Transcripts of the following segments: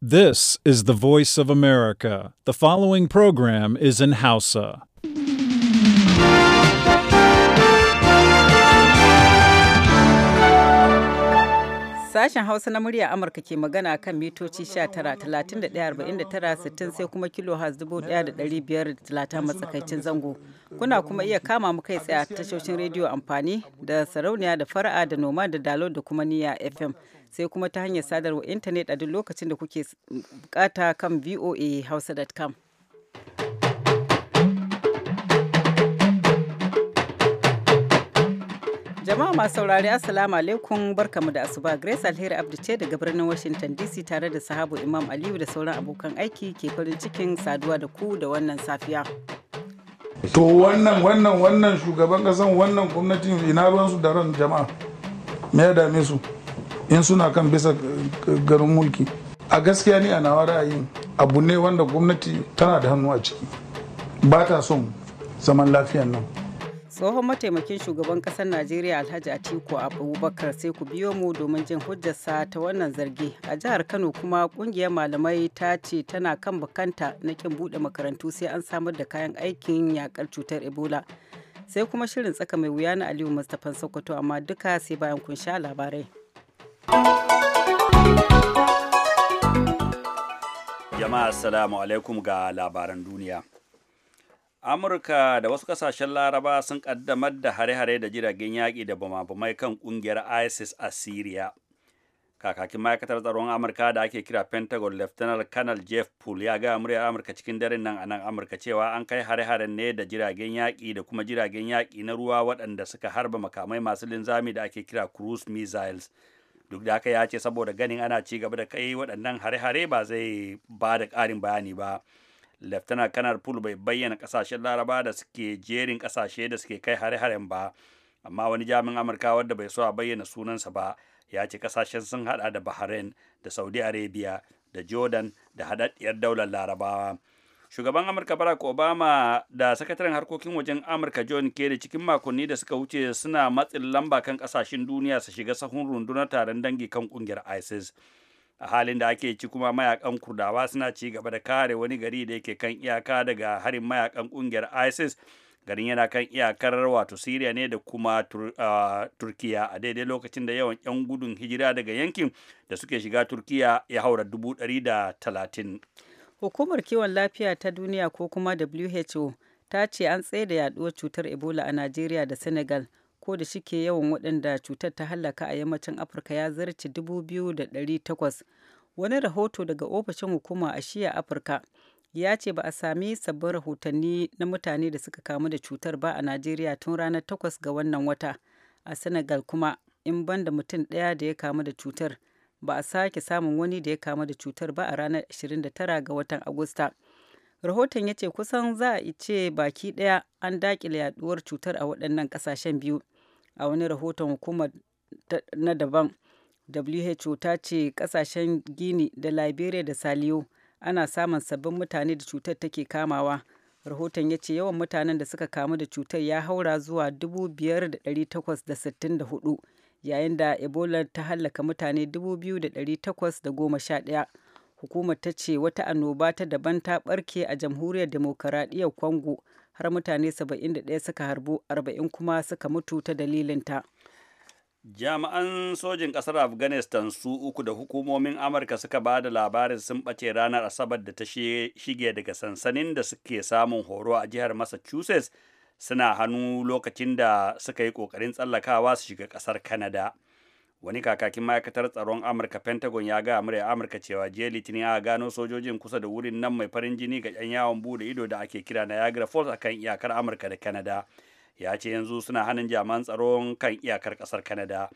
This is the voice of America. The following program is in Hausa. Sashen Hausa na murya Amurka ke magana kan mitoci 19,31,49,60 sai kuma kilo has 1,530 matsakaicin zango. Kuna kuma iya kama mu kai tsaye a tashoshin rediyo amfani da sarauniya da fara'a da noma da dalo da kuma niya FM. sai kuma ta hanyar sadarwar intanet a duk lokacin da kuke bukata kan voahausa.com. jama'a masu saurari assalamu alaikum barkamu da asuba grace alheri abdu ce daga birnin washington dc tare da sahabu imam aliyu da sauran abokan aiki ke farin cikin saduwa da ku da wannan safiya to wannan wannan wannan shugaban kasan wannan gwamnatin ina ruwansu da ran jama'a me ya dame su in suna kan bisa garin mulki a gaskiya ne a nawa ra'ayin abu ne wanda gwamnati tana da hannu a ciki ba ta son zaman lafiyan nan tsohon mataimakin shugaban kasar najeriya alhaji atiku abubakar sai ku biyo mu domin jin hujjarsa ta wannan zargi a jihar kano kuma kungiyar malamai ta ce tana kan bukanta na kin bude makarantu sai an samar da kayan aikin yakar cutar ebola sai kuma shirin tsaka mai wuya na aliyu mustapha sokoto amma duka sai bayan kun sha labarai jama'a assalamu alaikum ga labaran duniya amurka da wasu kasashen laraba sun kaddamar da hare-hare da jiragen yaƙi da bama kan ƙungiyar isis a syria kakakin ma'aikatar tsaron amurka da ake kira pentagon lieutenant colonel jeff pool ya gaya muryar amurka cikin dare nan a nan amurka cewa an kai hare-haren ne da jiragen yaƙi da kuma jiragen yaƙi na ruwa waɗanda suka harba makamai masu linzami da ake kira cruise missiles duk da haka ya ce saboda ganin ana ci gaba da kai waɗannan hare-hare ba zai ba da ƙarin bayani ba leftana kanar pool bai bayyana ƙasashen laraba da suke jerin ƙasashe da suke kai hare-haren ba amma wani jami'in amurka wanda bai so a bayyana sunansa ba ya ce ƙasashen sun haɗa da bahrain da saudi arabia da jordan da haɗaɗɗiyar daular larabawa shugaban amurka barack obama da sakataren harkokin wajen amurka john kerry cikin makonni da suka wuce suna matsin lamba kan kasashen duniya su shiga sahun rundunar taron dangi kan kungiyar isis a halin da ake ci kuma mayakan kurdawa suna ci gaba da kare wani gari da yake kan iyaka daga harin mayakan kungiyar isis garin yana kan iyakar wato siriya ne da kuma turkiya a daidai lokacin da yawan 'yan gudun hijira daga yankin da suke shiga turkiya ya haura dubu ɗari da talatin Hukumar kiwon lafiya ta duniya ko kuma WHO ta ce an da yaduwar cutar Ebola a Najeriya da Senegal ko da shike yawan waɗanda cutar ta hallaka a yammacin Afirka ya zarce 2,800. Wani rahoto daga ofishin hukuma a shiya Afirka ya ce ba a sami sabbin rahotanni na mutane da suka kamu da cutar ba a Najeriya tun ranar 8 ga wannan wata. A Senegal kuma in banda mutum ɗaya da ya kamu da cutar ba a sake samun wani da ya kamu da cutar ba a ranar 29 ga watan agusta rahoton ya ce kusan za a ce baki daya an dakile yaduwar cutar a waɗannan ƙasashen biyu a wani rahoton hukumar na daban who ta ce ƙasashen gini da liberia da saliyo ana samun sabbin mutane da cutar take kamawa rahoton ya ce yawan mutanen da suka kamu da cutar ya haura zuwa 5,864 yayin da Ebola ta hallaka mutane 2,811. Hukumar ta ce wata annoba ta daban ta barke a jamhuriyar demokaradiyyar Congo har mutane 71 suka harbu 40 kuma suka mutu ta dalilinta. jami'an sojin ƙasar afghanistan su uku da hukumomin amurka suka ba da labarin sun bace ranar asabar da ta shige daga sansanin da suke samun horo a jihar massachusetts suna hannu lokacin da suka yi kokarin tsallakawa su shiga kasar kanada Wani kakakin ma'aikatar tsaron Amurka Pentagon ya ga murya Amurka cewa jiya Litinin a gano sojojin kusa da wurin nan mai farin jini ga 'yan yawon bude ido da ake kira Niagara Falls akan iyakar Amurka da kanada Ya ce yanzu suna hannun jami'an tsaron kan iyakar ƙasar kanada.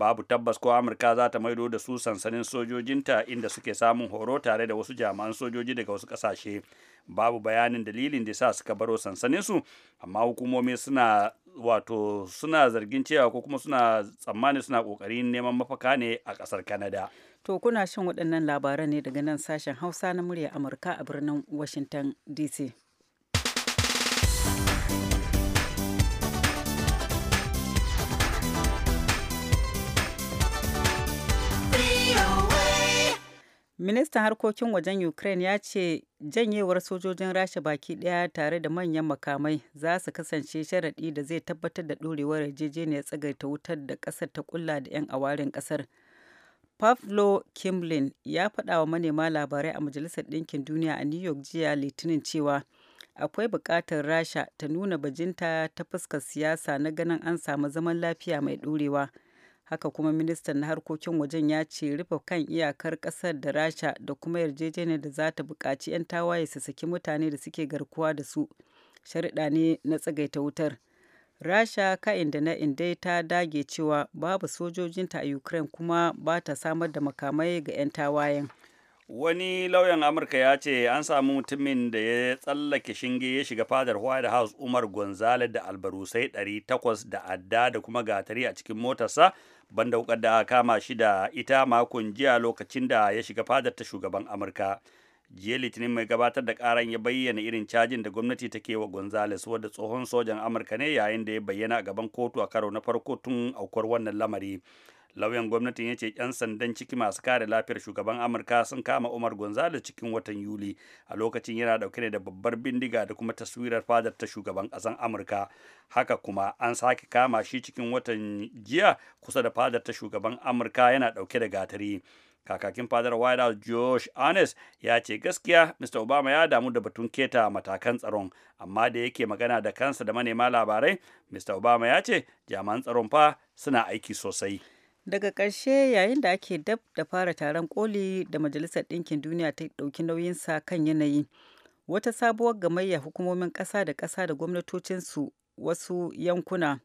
babu tabbas ko amurka za ta maido da su sansanin sojojinta inda suke samun horo tare da wasu jami'an sojoji daga wasu kasashe babu bayanin dalilin da sa suka baro sansaninsu amma hukumomi suna wato suna zargin cewa ko kuma suna tsammani suna kokarin neman mafaka ne a kasar kanada to kuna shan waɗannan labaran ne daga nan sashen hausa na murya amurka a birnin washington dc ministan harkokin wajen ukraine ya ce janyewar sojojin rasha baki daya tare da manyan makamai za su kasance sharaɗi da zai tabbatar da ɗorewar yarjejeniyar tsagaita wutar da ƙasar ta kulla da 'yan awarin ƙasar pavlo kimlin ya faɗa wa manema labarai a majalisar ɗinkin duniya a new york jiya litinin cewa akwai buƙatar rasha ta nuna bajinta ta fuskar siyasa na ganin an samu zaman lafiya mai ɗorewa. haka kuma ministan na harkokin wajen ya ce rufe kan iyakar kasar da rasha da kuma yarjejeniyar da za ta buƙaci 'yan tawaye su saki mutane da suke garkuwa da su shariɗa ne na tsagaita wutar rasha ka'in da na indai ta dage cewa babu sojojinta a ukraine kuma ba ta samar da makamai ga 'yan tawayen wani lauyan amurka ya ce an samu mutumin da ya tsallake shinge ya shiga fadar white house umar gonzale da albarusai ɗari takwas da adda da kuma gatari a cikin motarsa banda wukar da kama shi da ita makon jiya lokacin da ya shiga fadar ta shugaban amurka jiya litinin mai gabatar da karan ya bayyana irin cajin da gwamnati take wa gonzales wadda tsohon sojan amurka ne yayin da ya bayyana a gaban kotu a karo na farko tun aukuwar wannan lamari lauyan gwamnatin ya ce 'yan sandan ciki masu kare lafiyar shugaban amurka sun kama umar gonzales cikin watan yuli a lokacin yana dauke ne da babbar bindiga da kuma taswirar fadar ta shugaban kasan amurka haka kuma an sake kama shi cikin watan jiya kusa da fadar ta shugaban amurka yana dauke da gatari kakakin fadar white house josh arnes ya ce gaskiya mr obama ya damu da batun keta matakan tsaron amma da yake magana da kansa da manema labarai mr obama ya ce jami'an tsaron fa suna aiki sosai daga ƙarshe yayin da ake dab da fara taron koli da majalisar ɗinkin duniya ta ɗauki nauyin sa kan yanayi wata sabuwar gamayya hukumomin ƙasa da ƙasa da gwamnatocinsu wasu yankuna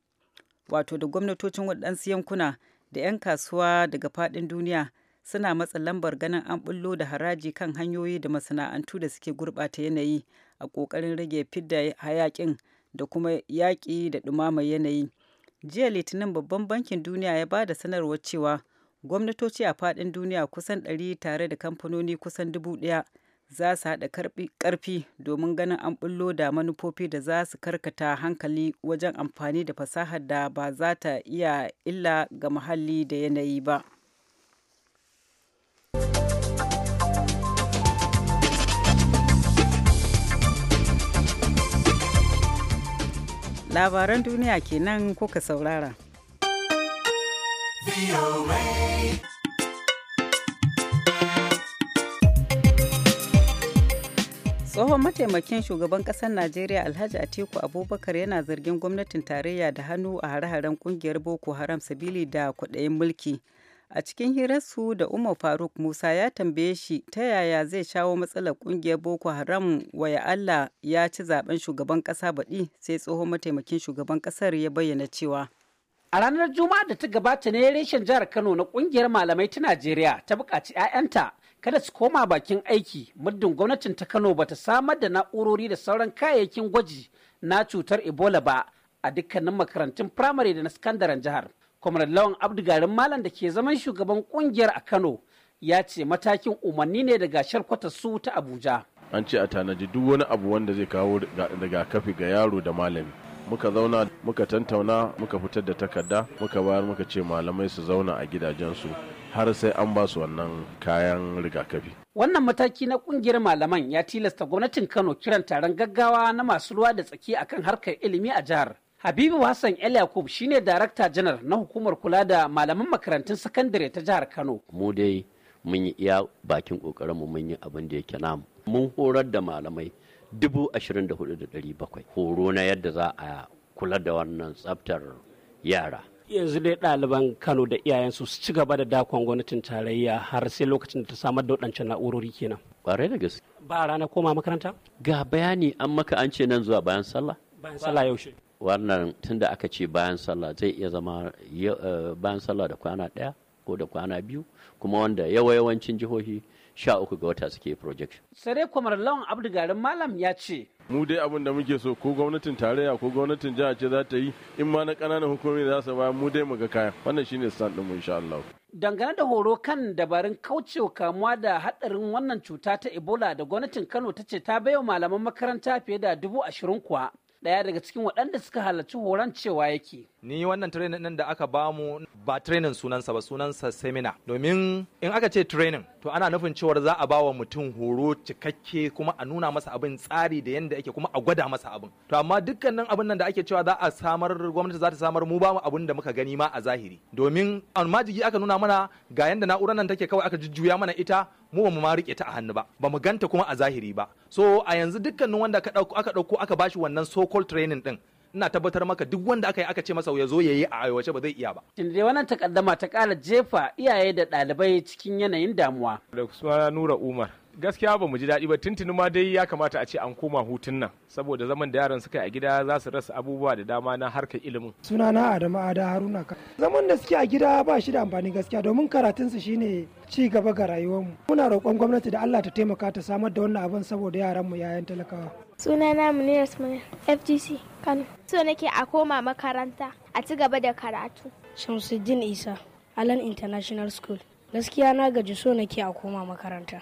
wato da gwamnatocin waɗansu yankuna da 'yan kasuwa daga faɗin duniya suna matsa lambar ganin an bullo da haraji kan hanyoyi da masana'antu da suke gurɓata yanayi a ƙoƙarin rage fidda hayaƙin da kuma yaƙi da ɗumamar yanayi jiya litinin babban bankin duniya ya ba da sanarwar cewa gwamnatoci a faɗin duniya kusan 100 tare da kamfanoni kusan 1,000 za su haɗa ƙarfi domin ganin an bullo da manufofi da za su karkata hankali wajen amfani da fasahar da ba za ta iya illa ga muhalli da yanayi ba. labaran duniya kenan kuka saurara. tsohon mataimakin shugaban kasar najeriya alhaji atiku abubakar yana zargin gwamnatin tarayya da hannu a hare-haren kungiyar boko haram sabili da kwaɗayin mulki A cikin hirarsu da Umar Faruk Musa ya tambaye shi ta yaya zai shawo matsalar kungiyar Boko Haram waya Allah ya ci zaben shugaban kasa baɗi sai tsohon mataimakin shugaban kasar ya bayyana cewa. A ranar Juma'a da ta gabata ne reshen jihar Kano na kungiyar malamai ta Najeriya ta buƙaci 'ya'yanta kada su koma bakin aiki muddin gwamnatin ta Kano bata samar da na'urori da sauran kayayyakin gwaji na cutar Ebola ba a dukkanin makarantun firamare da na sakandaren jihar. comrade Lawan Abdugarin Malam da ke zaman shugaban kungiyar a Kano ya ce matakin umarni ne daga sharkwata su ta Abuja. An ce a tanaji duk wani abu wanda zai kawo rigakafi ga yaro da malami. Muka zauna muka tantauna muka fitar da takarda muka bayar muka ce malamai su zauna a gidajensu har sai an ba su wannan kayan rigakafi. Wannan mataki na kungiyar malaman ya tilasta gwamnatin Kano kiran taron gaggawa na masu ruwa da tsaki akan harkar ilimi a jihar. Habibu Hassan El Yakub shine darakta janar na hukumar kula da malaman makarantun sakandare ta jihar Kano. Mu dai mun yi iya bakin kokarin mu mun yi abin da yake namu. Mun horar da malamai dubu ashirin da hudu da dari bakwai. Horo na yadda za a kula da wannan tsaftar yara. yanzu dai ɗaliban kano da iyayensu su ci gaba da dakon gwamnatin tarayya har sai lokacin da ta samar da waɗancan na'urori kenan Kwarai da gaske ba rana koma makaranta ga bayani an maka an ce nan zuwa bayan sallah bayan sallah yaushe wannan tunda aka ce bayan sallah zai iya zama eh, bayan sallah da kwana ɗaya ko da kwana biyu kuma wanda yawa yawancin jihohi sha uku ga wata suke projection. Sare kwamar lawan garin malam ya ce. Mu dai abin da muke so ko gwamnatin tarayya ko gwamnatin jiha ce za ta yi in ma na ƙananan hukumomi za su ba mu dai mu ga kayan wannan shine stand ɗinmu insha Allah. Dangane da horo kan dabarun kaucewa kamuwa da hadarin wannan cuta ta Ebola da gwamnatin Kano ta ce ta baiwa malaman makaranta fiye da dubu ashirin kuwa ɗaya daga cikin waɗanda suka halarci horon cewa yake ni wannan training din da aka bamu ba training sunansa ba sunansa seminar domin in aka ce training to ana nufin cewar za a ba wa mutum horo cikakke kuma a nuna masa abin tsari da yanda ake kuma a gwada masa abin to amma dukkanin abin nan da ake cewa za a samar gwamnati za ta samar mu ba mu abin da muka gani ma a zahiri domin jiki aka nuna mana ga yanda na'urar nan take kawai aka jujjuya mana ita mu ba mu ma rike ta a hannu ba ba mu ganta kuma a zahiri ba so a yanzu dukkanin wanda aka dauko aka bashi wannan so called training din ina tabbatar maka duk wanda aka yi aka ce masa ya zo ya yi a aiwace ba zai iya ba. Tun dai wannan takaddama ta ƙara jefa iyaye da ɗalibai cikin yanayin damuwa. Da suna Nura Umar. gaskiya ba mu ji daɗi ba tuntuni ma dai ya kamata a ce an koma hutun nan saboda zaman da yaran suka a gida za su rasa abubuwa da dama na harkar ilimin sunana adamu ada haruna ka zaman da suke a gida ba shi da amfani gaskiya domin karatun su shine ci gaba ga rayuwarmu muna roƙon gwamnati da Allah ta taimaka ta samar da wannan abin saboda yaran mu yayan talakawa sunana munir FGC Kano so nake a koma makaranta a ci gaba da karatu Shamsuddin Isa Alan International School gaskiya na gaji so nake a koma makaranta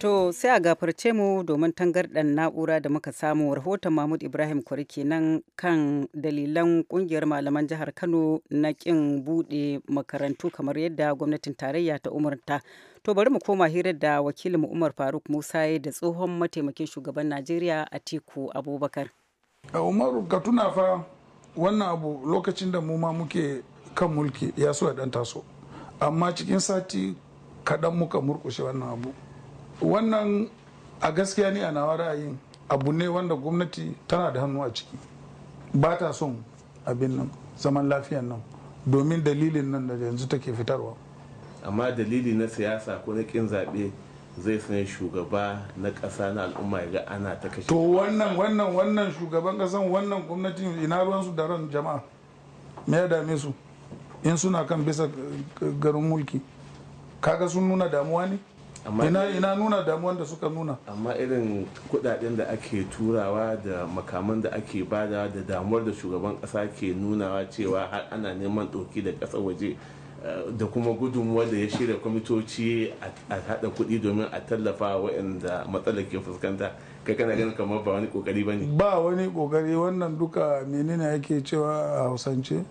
To sai a gafarce mu domin tangarɗan na'ura da muka samu rahoton Mahmud Ibrahim Kwari kenan kan dalilan kungiyar malaman jihar Kano na kin buɗe makarantu kamar yadda gwamnatin tarayya ta umarta. To bari mu koma hirar da wakilin mu Umar Faruk Musa da tsohon mataimakin shugaban Najeriya Atiku Abubakar. Umaru ka tuna fa wannan abu lokacin da mu ma muke kan mulki ya so ya dan taso amma cikin sati kaɗan muka murkushe wannan abu. wannan a gaskiya ne a nawa ra'ayin abu ne wanda gwamnati tana da hannu a ciki ba ta son abin nan zaman lafiyan nan domin dalilin nan da yanzu take fitarwa amma dalili na siyasa ko na kin zaɓe zai sanya shugaba na ƙasa na al'umma ya ga ana ta kashe to wannan wannan wannan shugaban ƙasan wannan gwamnati, ina ruwansu da ran jama'a me ya dame su in suna kan bisa garin mulki kaga sun nuna damuwa ne ina ina nuna damuwan da suka nuna amma irin kudaden da ake turawa da makaman da ake bada da damuwar da shugaban kasa ke nunawa cewa har ana neman doki da kasa waje eh, da kuma gudunmuwa da ya shirya kwamitoci a hada kuɗi domin a tallafa waɗanda matsalar ke fuskanta kai kana ganin kamar ba wani kokari ba ne ba wani kokari wannan duka menene yake cewa a hausance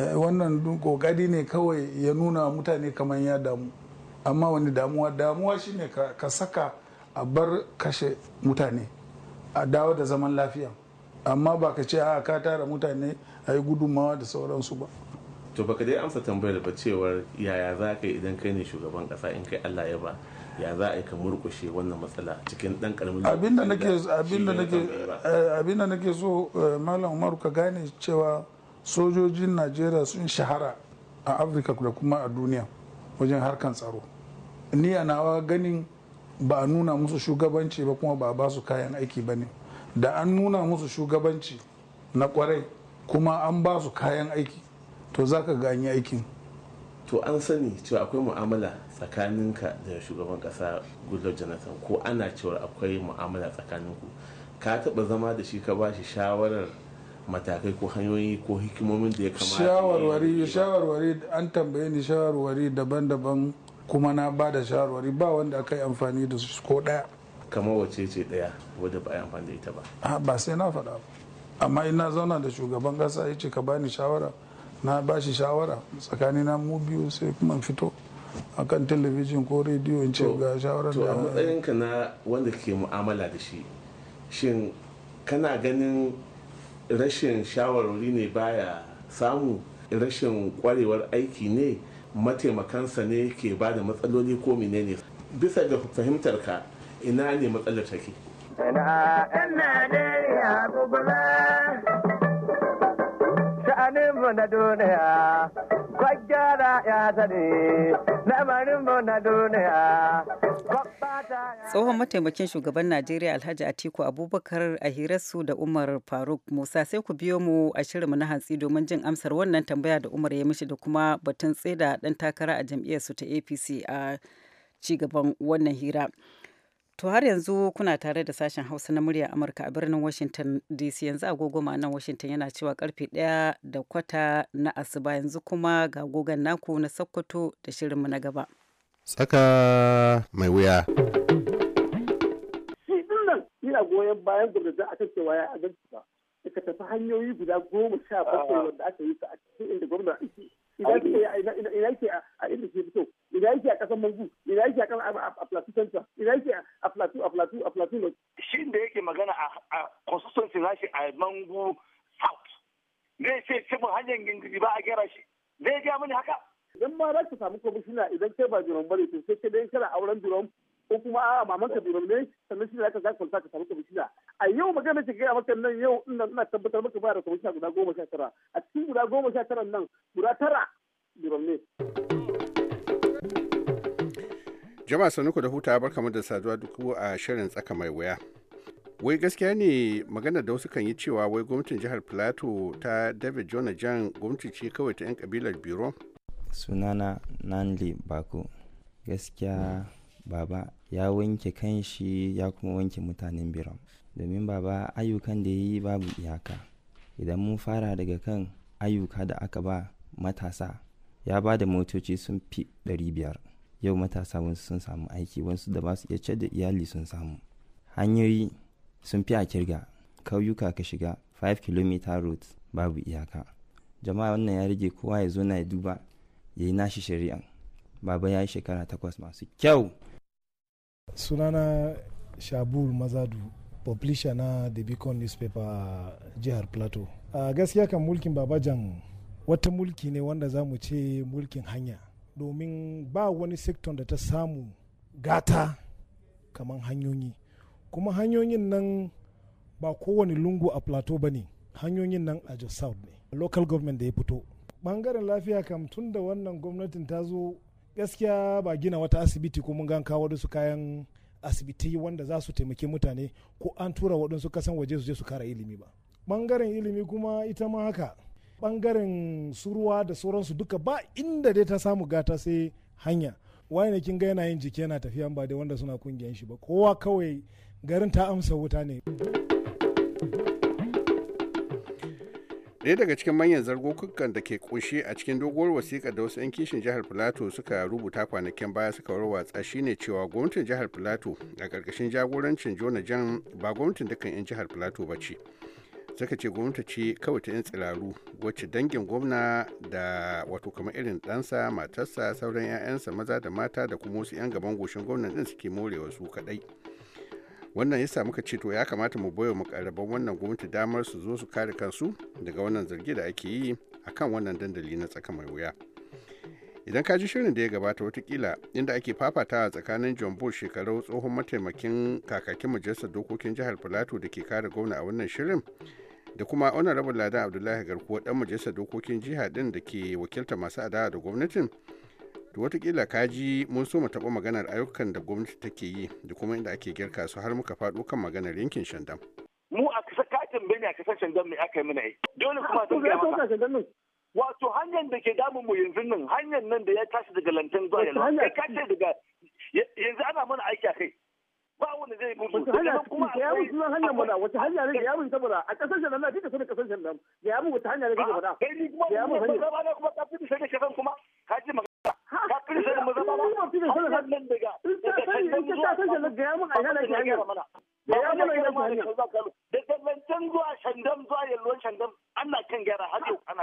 eh, wannan kokari ne kawai ya nuna mutane kamar ya damu amma wani damuwa damuwa shine ka saka a bar kashe mutane a dawo da zaman lafiya amma ba ka ce a ka tara mutane a yi gudunmawa da sauransu ba to ba ka dai amsa tambayar ba cewar yaya za ka yi idan kai ne shugaban kasa in kai allah ya ba ya za a yi ka murkushe wannan matsala cikin dan karamin abinda nake abinda eh, nake so eh, malam umaru ka gane cewa sojojin najeriya sun shahara a afirka da kuma a duniya wajen harkan tsaro ni nawa ganin ba a nuna musu shugabanci ba kuma ba a basu kayan aiki ba ne da an nuna musu shugabanci na kwarai kuma an ba su kayan aiki to za ka gani aikin to an sani cewa akwai mu'amala tsakaninka da shugaban kasa goodluck jonathan ko ana cewa akwai mu'amala tsakaninku ka taba zama da shi ka ba shi shawarar matakai ko hanyoyi ko hikimomin da ya kamata shawarwari shawarwari an tambaye ni shawarwari daban-daban kuma na ba da shawarwari ba wanda aka yi amfani da su ko daya kamar wace ce daya wadda ba a yi amfani da ita ba ba sai na faɗa amma ina zauna da shugaban ƙasa ya ce ka bani shawara na ba shi shawara tsakanina mu biyu sai kuma fito a kan talabijin ko rediyo in ce ga shawarar da a matsayinka na wanda ke mu'amala da shi shin kana ganin rashin shawarwari ne baya samu rashin kwarewar aiki ne mataimakansa ne ke ba da matsaloli ko menene bisa ga fahimtar ka ina ne matsalar take sha'aninmu na duniya ya zane na na duniya tsohon mataimakin shugaban najeriya alhaji atiku abubakar a hirarsu da umar faruk musa sai ku biyo mu a shirinmu na hantsi domin jin amsar wannan tambaya da umar ya mishi da kuma batun tseda dan takara a jam'iyyarsu ta apc a cigaban wannan hira to har yanzu kuna tare da sashen hausa na murya amurka a birnin washington dc yanzu agogo nan washington yana cewa karfe daya da kwata na asuba yanzu kuma ga gogon naku na sokoto da shirinmu na gaba Tsaka mai wuya. Shi goyon bayan za a tattawa ya hanyoyi guda goma sha bakwai wanda yi ta a cikin inda a inda ke fito, ina yake a ƙasar Mangu, yake a ƙasar a a a Shi da yake magana a constituency a Mangu South. ne sai hanyar gindiri ba a gyara shi. ya gaya mini haka. idan ma za ka samu kwamishina idan kai ba biron bane to sai dai kana auren biron ko kuma a maman ka biron ne sannan shi ne ka za ka samu kwamishina a yau magana ce gaya maka nan yau ina ina tabbatar maka ba da kwamishina guda goma sha tara a cikin guda goma sha tara nan guda tara biron ne. jama'a sanuku da huta kamar da saduwa duk a shirin tsaka mai wuya. wai gaskiya ne magana da wasu kan yi cewa wai gwamnatin jihar plateau ta david jonajan gwamnati ce kawai ta 'yan kabilar biro sunana nanli bako gaskiya baba ya wanke kanshi ya kuma wanke mutanen biram domin baba ayyukan da ya yi babu iyaka idan mun fara daga kan ayyuka da aka ba matasa ya ba da motoci sun fi 500 yau matasa wasu sun samu aiki wasu da ba su iya da iyali sun samu hanyoyi sun fi a kirga kauyuka ka shiga 5 km route babu iyaka jama'a wannan ya rage kowa ya zo na ya duba ya yi nashi shari'an baba ya yi shekara takwas masu kyau sunana shabul mazadu publisher na the beacon newspaper jihar plateau a gaskiya kan mulkin babajan wata mulki ne wanda za mu ce mulkin hanya domin ba wani sekton da ta samu gata kamar hanyoyi kuma hanyoyin nan ba kowane lungu a plateau ba ne hanyoyin nan a jos south ne local government da ya fito bangaren lafiya kam tun da wannan gwamnatin ta zo gaskiya ba gina wata asibiti ko mun gan kawo su kayan asibiti wanda za su taimaki mutane ko an tura waɗansu kasan waje su je su kara ilimi ba bangaren ilimi kuma ita ma haka bangaren suruwa da sauransu duka ba inda dai ta samu gata sai hanya wani kin ga yana yin jiki yana tafiya ba dai wanda suna kungiyan shi ba kowa kawai garin ta amsa wuta ne. ɗaya daga cikin manyan zargokukan da ke kunshe a cikin doguwar wasiƙa da wasu 'yan kishin jihar filato suka rubuta kwanakin baya suka warwatsa shine cewa gwamnatin jihar filato a ƙarƙashin jagorancin jona jan ba gwamnatin dukkan 'yan jihar filato ba ce suka ce gwamnati ce kawai ta 'yan tsiraru wacce dangin gwamna da wato kamar irin ɗansa matarsa sauran 'ya'yansa maza da mata da kuma wasu 'yan gaban goshin gwamnan ɗin suke morewa su kaɗai wannan yasa muka ce to ya kamata mu baiwa karaban wannan gwamnati damar su zo su kare kansu daga wannan zargi da ake yi akan wannan dandali na tsaka mai wuya idan ka ji shirin da ya gabata wata kila inda ake fafatawa tsakanin john bush shekaru tsohon mataimakin kakakin majalisar dokokin jihar plateau da ke kare gwamna a wannan shirin da kuma honorable ladan abdullahi garkuwa dan majalisar dokokin jiha din da ke wakilta masu adawa da gwamnatin to watakila ka ji mun so mu taɓa maganar ayyukan da gwamnati take yi da kuma inda ake girka su har muka faɗo kan maganar yankin shandam mu a kasa katin bane a kasar shandam ne aka yi mana yi eh? dole kuma sun gaya maka wato hanyar da ke damu mu yanzu nan hanyar nan da ya tashi daga lantan zuwa yalwa ka kace daga yanzu ana mana aiki a kai ba wanda zai mutu daga kuma ya mu sunan hanyar mana wata hanya ne da ya mu saboda a kasar shandam na fita sanin kasar shandam ya mu wata hanya ne da ya mutu da ya mutu hanyar kuma ka fita sai kasar kuma ka ji ka fi sai zama nan ta ta ya ana kan gyara har yau ma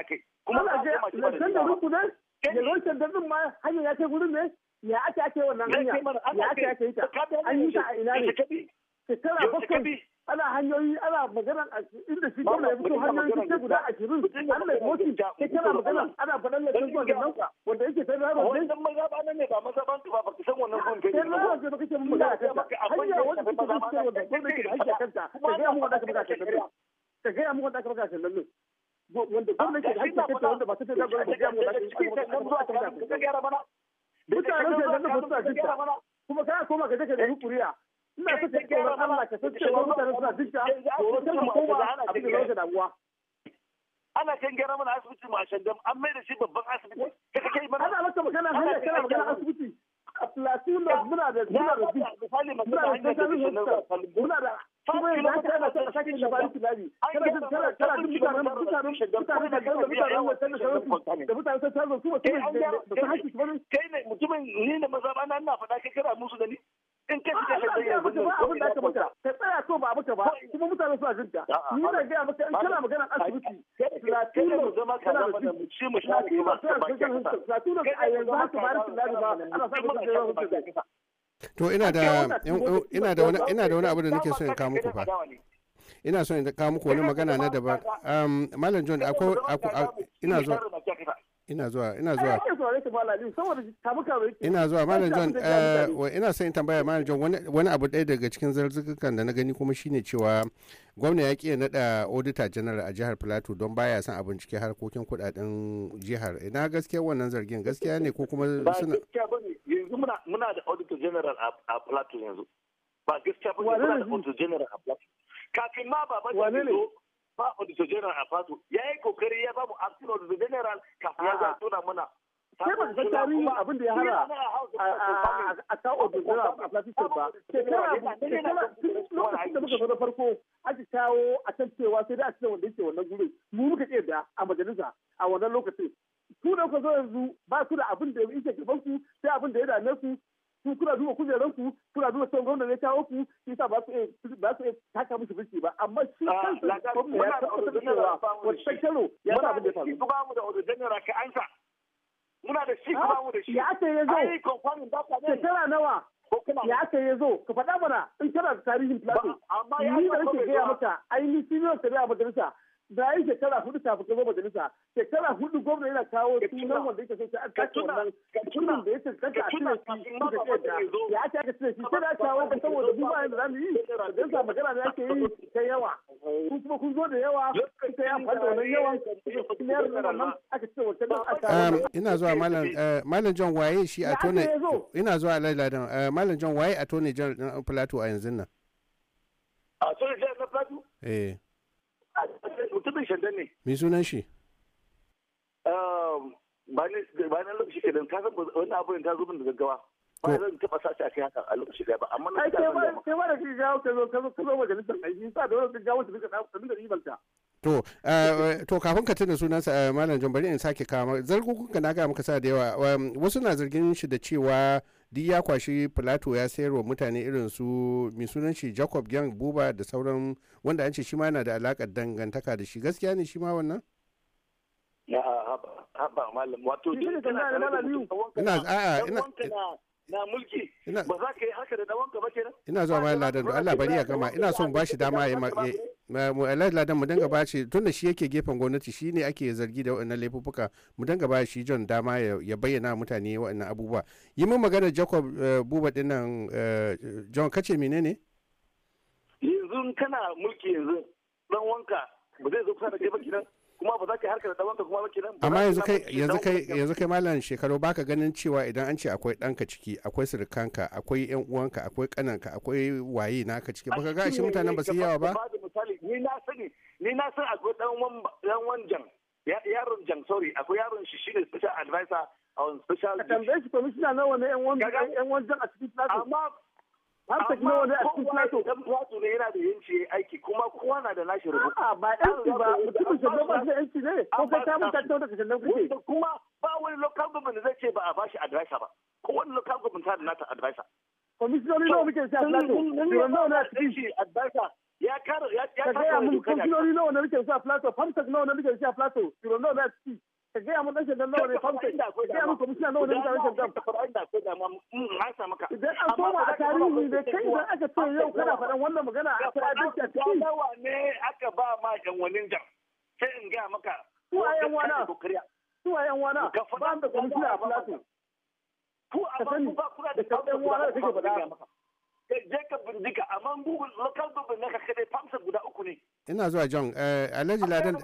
ya yi ta a ina ne shekara ana hanyoyi ana magana inda shi kuma ya fito hanyoyi guda ashirin ana faɗan lantan zuwa ga nauka kasashen nan wanda ah, gwamnati da kanta wanda ba ta gwamnati mu da nan zuwa ka gyara mana da nan ba su da kuma kana koma ka ina so gyara Allah ka suna koma ana kan gyara mana asibiti mashan dam an mai da shi babban asibiti ka kake mana ana maka magana hanya kana magana asibiti a platinum muna da muna da muna da muna da saboda ana ta sake shi ba tunani mutanen mutanen mutanen mutanen mutanen ta kana musu da ni tsaya so ba maka ba mutanen ka ni na ga maka kana magana asibiti latino zama ka zama da ba ka a yanzu haka ba rikin lafiya ana sa ka da yawa mutum to ina da ina da wani ina da wani abu da nake so in kawo muku fa ina so in kawo muku wani magana na daban um malam john akwai ina zo ina zuwa ina zuwa ina zuwa malam john eh, ina son in tambaya malam john wani abu ɗaya daga cikin zarzukan da na gani kuma shine cewa gwamna ya kiya nada auditor general a jihar plateau don baya son a bincike harkokin kudaden jihar ina gaskiya wannan zargin gaskiya ne ko kuma suna ba yanzu muna da auditor general a plateau yanzu ba gaskiya ba muna da auditor general a plateau kafin ma ba ba ba auditor general a plateau ya yi kokari ya ba mu auditor general kafin ya zo tuna mana sai ba ga tarihi abin da ya hana a kawo dundura a platisar ba shekara lokacin da muka zo da farko aka kawo a kan cewa sai da a cikin wanda yake wannan gurin mu muka ce da a majalisa a wannan lokacin su da kuka zo yanzu ba su da abin da yake gaban ku sai abin da ya dame su su kuna duba kujeran ku kuna duba cewa gwamnati ya kawo ku shi sa ba su ba su taka musu birki ba amma shi ah, kansa gwamnati ya tabbatar da cewa wata shekaru ya sa abin da ya faru. muna da shi ah, kuma da shi ya ce ya zo ai confirming data ne shekara nawa ya ce ya zo ka faɗa mana in kana da tarihin plateau ni da nake gaya maka ai ni senior ta a majalisa da yi shekara hudu kafin ka zo majalisa shekara hudu gwamna yana kawo tunan wanda yake so a aka nan wannan da ya kanta a cikin shi da ke da ya ake aka cire shi sai da kawo ka saboda mu ba za mu yi da yasa magana da ake yi ta yawa kun kuma kun zo da yawa sai ya fada wannan yawan kuma da nan aka cire da aka ina zuwa malam eh, malam John waye shi a tone ina zuwa laladan eh, malam John waye a tone John Plateau a yanzu nan a tone John Plateau eh Mai Shandan ne. Mai sunan shi? Um, Bayan lokaci ke da ta wani abu ta da gaggawa. Ba zan taɓa a kai haka a lokaci ɗaya ba. Amma na ta zama. Kai ba da shi kai ka zo ka zo ka zo majalisar aiki sa da wani dinga ribalta. To, eh, to kafin ka tuna sunansa eh, Malam John bari in sake kama zargukunka na ga maka sa da yawa um, wasu na zargin shi da cewa duk ya kwashi plato ya sayar wa mutane irin su mai shi jacob gang buba da sauran wanda an ce shi ma yana da alakar dangantaka da shi gaskiya ne shi ma wannan haba wato ina na mulki ba za ka yi haka da dawanka ba kenan ina zuwa malam ladan Allah bari ya gama ina son ba shi dama ya ladan mu danga bashi tun da shi yake gefen gwamnati shi ne ake zargi da waɗannan laifuffuka mu danga bashi john dama ya bayyana mutane waɗannan abubuwa yi min magana jacob eh, buba dinnan eh, john kace menene yanzu kana mulki yanzu dan wanka ba zai zo kusa da kai ba kenan kuma ba za ka harkar da wanka kuma ba kenan amma yanzu kai yanzu kai yanzu kai mallan shekaru baka ganin cewa idan an ce akwai ka ciki akwai surukanka akwai yan uwanka akwai kananka akwai waye naka ciki baka ga shi mutanen ba su yawa ba ni na sani ni na san akwai dan jan yaron jan sorry akwai yaron shi shine special adviser. on special ka tambaye shi commissioner nawa ne yan wan yan jan a cikin plato amma har kuma wani a cikin plato dan plato ne yana da yanci aiki kuma kowa na da nashi rubutu a ba dan ba mutumin ba ba yanci ne ko ka ta mutan tauta ka sannan kuke kuma ba wani local government zai ce ba a bashi advisor ba kowane local government ta da nata advisor commissioner ne muke sa plato ne ne ne adviser. ya kara ya ya kara mun nawa ne nake sa plato famtak nawa ne nake sa plato nawa ne ci ka ga mun dan shedan nawa ne Ka ga ya mun komishina nawa ne nake sa plato mun an sa maka idan an koma a tarihi ne kai idan aka ce yau kana faɗan wannan magana a kai a ciki nawa ne aka ba ma jar sai in ga maka wana suwa yan wana ba da komishina a plato ku a ba ku ba da yan wana da kake faɗa maka je ka amma google local government naka guda uku ne ina zuwa john eh, alhaji ladan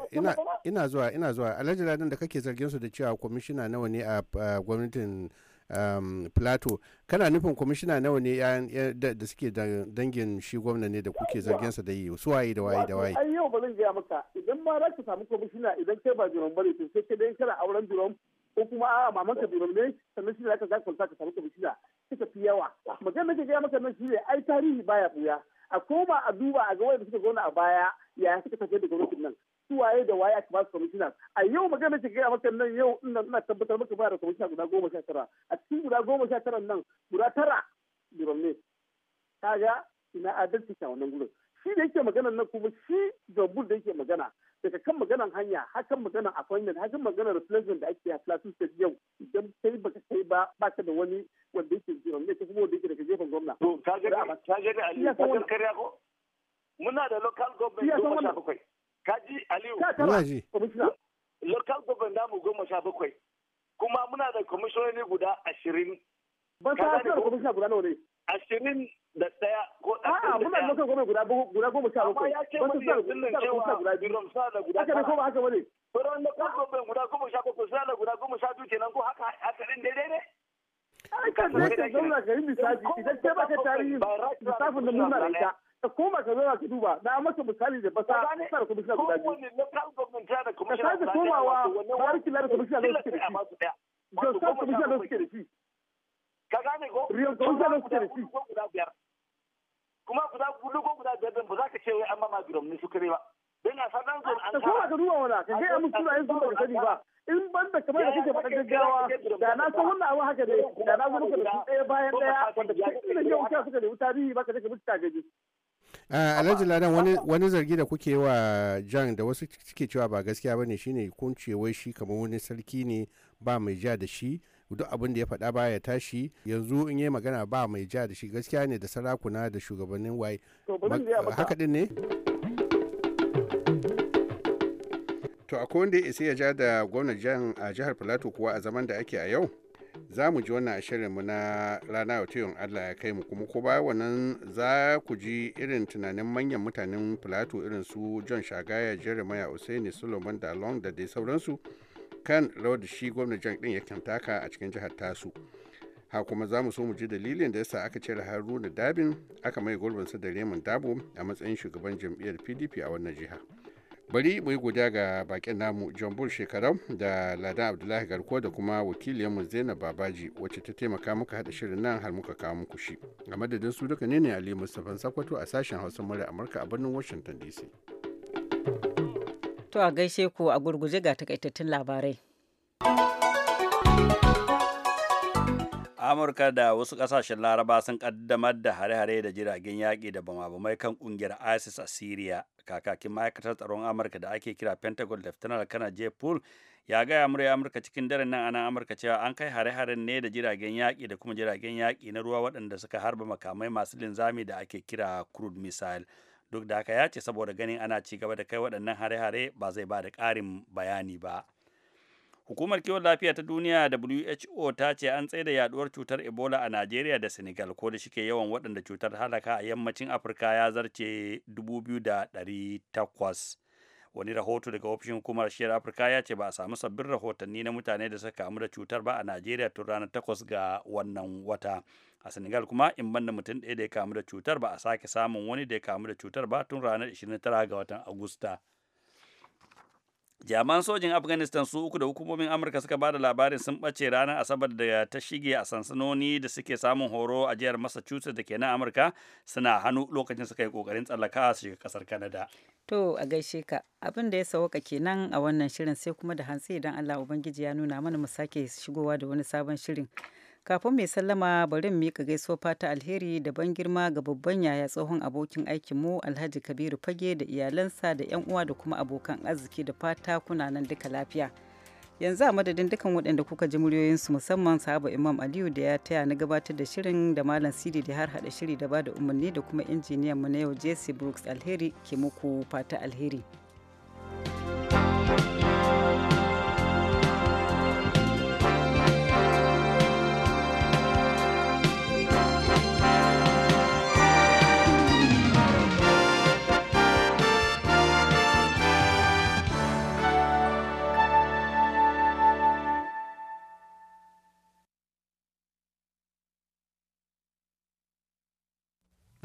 ina zuwa ina zuwa alhaji ladan da kake zargin su da cewa kwamishina nawa ne a gwamnatin um, plateau kana nufin kwamishina nawa ne da suke dangin shi gwamna ne da kuke zargin sa da yi su waye da waye da waye ai yau ba zan gaya maka idan ma za ka samu kwamishina idan kai ba jiran bane to sai ka dai kana auren jiran ko kuma a maman ka biron ne sannan shi aka zaka kwanta ka samu ka bishira suka fi yawa magana da gaya maka nan shi ne ai tarihi baya buya a koma a duba a ga wanda suka zauna a baya yaya suka tafiyar da gwamnatin nan su waye da waye aka ba su kwamishinan a yau magana da gaya maka nan yau ina ina tabbatar maka ba da kwamishina guda goma sha tara a cikin guda goma sha tara nan guda tara biron ne kaga ina adalci a wannan gurin shi da yake magana nan kuma shi bul da yake magana daga kan maganar hanya hakan maganar appointment hakan maganar replacement da ake a plateau state yau idan kai baka kai ba baka da wani wanda yake zuwa ne kuma wanda yake daga jefan gwamna to ka ga ka ga ali ka ga kariya ko muna da local government goma sha bakwai ka ji aliyu ka ji local government mu goma sha bakwai kuma muna da commissioner guda ashirin ba sa da commissioner guda nawa ne ashirin da ɗaya ko a muna lokacin goma guda guda goma sha bakwai ya ce mun guda da guda haka ne ko ba haka bane sauran da kan goma guda goma sha bakwai suna da guda goma sha biyu kenan ko haka haka din daidai ne ai kan da ka zauna ka yi misali idan ke ka tarihi misafin da muna da ita ka koma ka zauna ka duba na masa misali da basa sa da kuma sha guda biyu ka sake komawa barkila da kuma sha da suke da shi sa kuma sha da suke da shi ka gane ko riyan kuma sha da suke da shi kuma guda gudu ko guda biyar ba za ka ce wai an mama ne su kare ba dan a sanan zon an kuma ka duba wala ka ga mu kula yin ba sani ba in ban da kamar da kike faɗa gaggawa da na san wannan abu haka ne da na zo muka da su ɗaya bayan ɗaya wanda kake da yau ka suka da wuta biyu ba ka take mutu tagaji eh, Alhaji Ladan wani zargi da kuke wa Jan da wasu suke cewa ba gaskiya bane shine kun ce wai shi kamar wani sarki ne ba mai ja da shi duk abin da ya faɗa baya tashi yanzu in yi magana ba mai ja da shi gaskiya ne da sarakuna da shugabannin waye haka din ne to akwai wanda ya isa ya ja da gwamnan jihar a jihar plateau kuwa a zaman da ake a yau za mu ji wannan ashirin mu na rana yau Allah ya kai mu kuma ko ba wannan za ku ji irin tunanin manyan mutanen Plateau irin su John Shagaya, Jeremiah Usaini, Solomon Dalong da dai sauransu kan rawar da shi gwamnan jihar din yakan taka a cikin jihar tasu ha kuma za mu so mu ji dalilin da yasa aka cire haruna dabin aka mai gurbinsa da raymond dabo a matsayin shugaban jam'iyyar pdp a wannan jiha bari mu yi godiya ga bakin namu john bull shekarau da lada abdullahi garko da kuma wakiliyarmu zainab babaji wacce ta taimaka muka haɗa shirin nan har muka kawo muku shi a madadin su duka ne ne ali mustafan sakwato a sashen hausa mura amurka a birnin washington dc To a gaishe ku a gurguje ga takaitattun labarai. amurka da wasu kasashen laraba sun kaddamar da hare-hare da jiragen yaƙi da bama-bamai kan ƙungiyar isis a syria kakakin ma'aikatar tsaron amurka da ake kira pentagon lieutenant kana je pool ya gaya murya amurka cikin daren nan anan amurka cewa an kai hare-haren ne da jiragen yaƙi da kuma jiragen yaƙi na ruwa waɗanda suka harba makamai masu linzami da ake kira crude missile duk da haka ya ce saboda ganin ana ci gaba da kai waɗannan hare-hare ba zai ba da ƙarin bayani ba hukumar kiwon lafiya ta duniya who ta ce an da yaduwar cutar ebola a najeriya da senegal ko da shike yawan waɗanda cutar halaka a yammacin afirka ya zarce 2,800 wani rahoto daga ofishin hukumar shiyar afirka ya ce ba a samu sabbin rahotanni na mutane da suka kamu da cutar ba a najeriya tun ranar takwas ga wannan wata a senegal kuma in banda mutum ɗaya da ya kamu da cutar ba a sake samun wani da ya kamu da cutar ba tun ranar 29 ga watan agusta jami'an sojin afghanistan su uku da hukumomin amurka suka bada labarin sun ɓace ranar asabar da ta shige a sansanoni da suke samun horo a jihar massachusetts da ke na amurka suna hannu lokacin suka yi kokarin tsallaka su shiga kasar canada to a gaishe ka abin da ya sauka kenan a wannan shirin sai kuma da hantsi idan allah ubangiji ya nuna mana mu sake shigowa da wani sabon shirin kafin mai sallama bari mu miƙa gaisuwa fata alheri da ban girma ga babban yaya tsohon abokin aikin mu alhaji kabiru fage da iyalansa da yan uwa da kuma abokan arziki da fata kuna nan duka lafiya yanzu a madadin dukan waɗanda kuka ji muryoyinsu musamman sahaba imam aliyu da ya taya na gabatar da shirin da malam sidi da har hada shiri da bada umarni da kuma injiniyan mu na yau jesse brooks alheri ke muku fata alheri